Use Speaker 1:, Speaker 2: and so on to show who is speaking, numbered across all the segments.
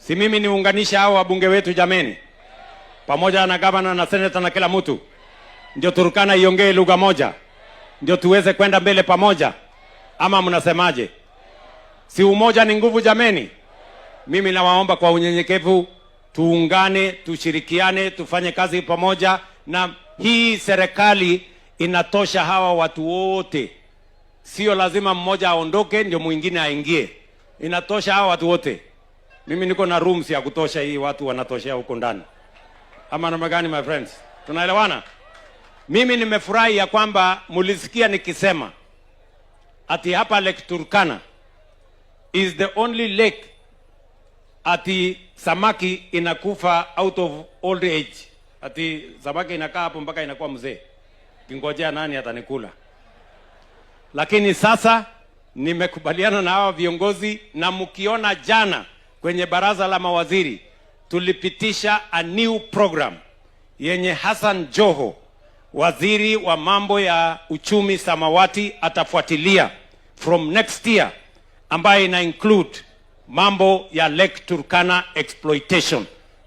Speaker 1: Si mimi niunganisha hao wabunge wetu jameni, pamoja na gavana na seneta na kila mtu, ndio turukana iongee lugha moja, ndio tuweze kwenda mbele pamoja, ama mnasemaje? Si umoja ni nguvu jameni? Mimi nawaomba kwa unyenyekevu, tuungane, tushirikiane, tufanye kazi pamoja, na hii serikali inatosha hawa watu wote, sio lazima mmoja aondoke ndio mwingine aingie. Inatosha hawa watu wote. Mimi niko na rooms ya kutosha, hii watu wanatoshea huko ndani, ama namna gani? My friends, tunaelewana. Mimi nimefurahi ya kwamba mulisikia nikisema ati hapa Lake Turkana is the only lake ati samaki inakufa out of old age, ati samaki inakaa hapo mpaka inakuwa mzee kingojea nani atanikula. Lakini sasa nimekubaliana na hawa viongozi, na mkiona jana kwenye baraza la mawaziri tulipitisha a new program yenye Hassan Joho, waziri wa mambo ya uchumi samawati, atafuatilia from next year, ambayo ina include mambo ya Lake Turkana exploitation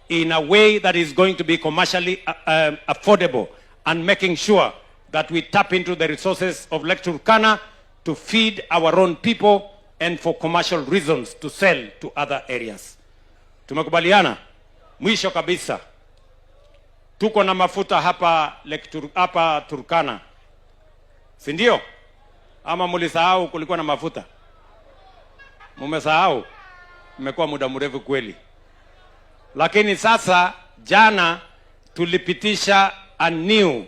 Speaker 1: in a way that is going to be commercially uh, uh affordable and making sure that we tap into the resources of Lake Turkana to feed our own people and for commercial reasons to sell to other areas. Tumekubaliana. Mwisho kabisa, tuko na mafuta hapa Lake Tur hapa Turkana, si ndio? Ama mulisahau kulikuwa na mafuta? Mumesahau? mmekuwa muda mrefu kweli. Lakini sasa, jana tulipitisha a new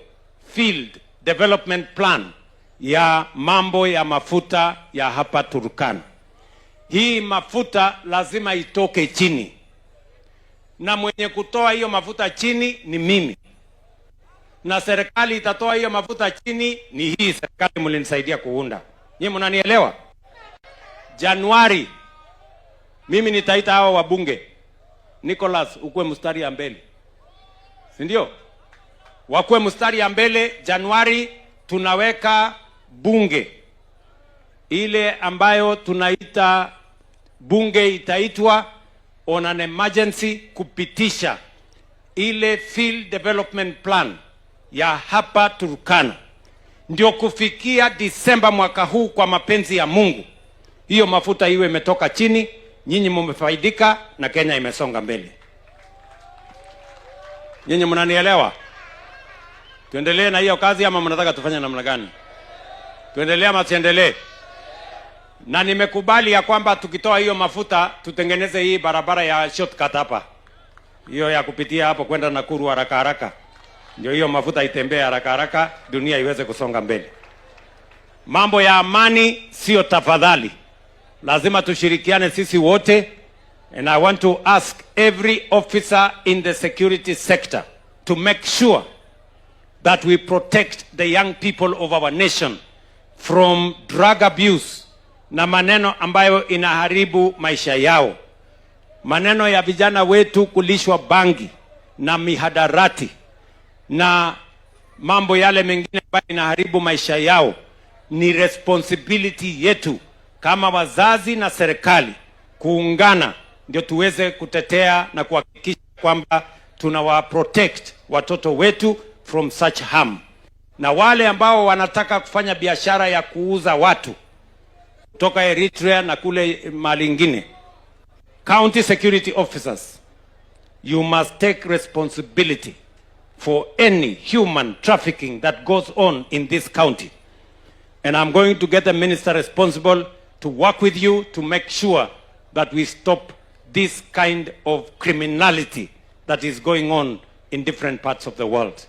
Speaker 1: field development plan ya mambo ya mafuta ya hapa Turkana. Hii mafuta lazima itoke chini, na mwenye kutoa hiyo mafuta chini ni mimi, na serikali itatoa hiyo mafuta chini ni hii serikali mlinisaidia kuunda. Nyie mnanielewa? Januari mimi nitaita hawa wabunge, Nicholas, ukuwe mstari ya mbele, si ndio? Wakuwe mstari ya mbele. Januari tunaweka bunge ile ambayo tunaita bunge itaitwa on an emergency kupitisha ile field development plan ya hapa Turkana, ndio kufikia Disemba mwaka huu, kwa mapenzi ya Mungu, hiyo mafuta iwe imetoka chini, nyinyi mmefaidika na Kenya imesonga mbele. Nyinyi mnanielewa? Tuendelee na hiyo kazi ama mnataka tufanye namna gani? Tuendelee ama tuendelee? Na nimekubali ya kwamba tukitoa hiyo mafuta tutengeneze hii barabara ya shortcut hapa, hiyo ya kupitia hapo kwenda Nakuru haraka haraka, ndio hiyo mafuta itembee haraka haraka, dunia iweze kusonga mbele. Mambo ya amani sio tafadhali, lazima tushirikiane sisi wote, and I want to ask every officer in the security sector to make sure that we protect the young people of our nation from drug abuse na maneno ambayo inaharibu maisha yao, maneno ya vijana wetu kulishwa bangi na mihadarati na mambo yale mengine ambayo inaharibu maisha yao. Ni responsibility yetu kama wazazi na serikali kuungana, ndio tuweze kutetea na kuhakikisha kwamba tunawa protect watoto wetu from such harm na wale ambao wanataka kufanya biashara ya kuuza watu kutoka Eritrea na kule mali ingine, county security officers, you must take responsibility for any human trafficking that goes on in this county and I'm going to get the minister responsible to work with you to make sure that we stop this kind of criminality that is going on in different parts of the world.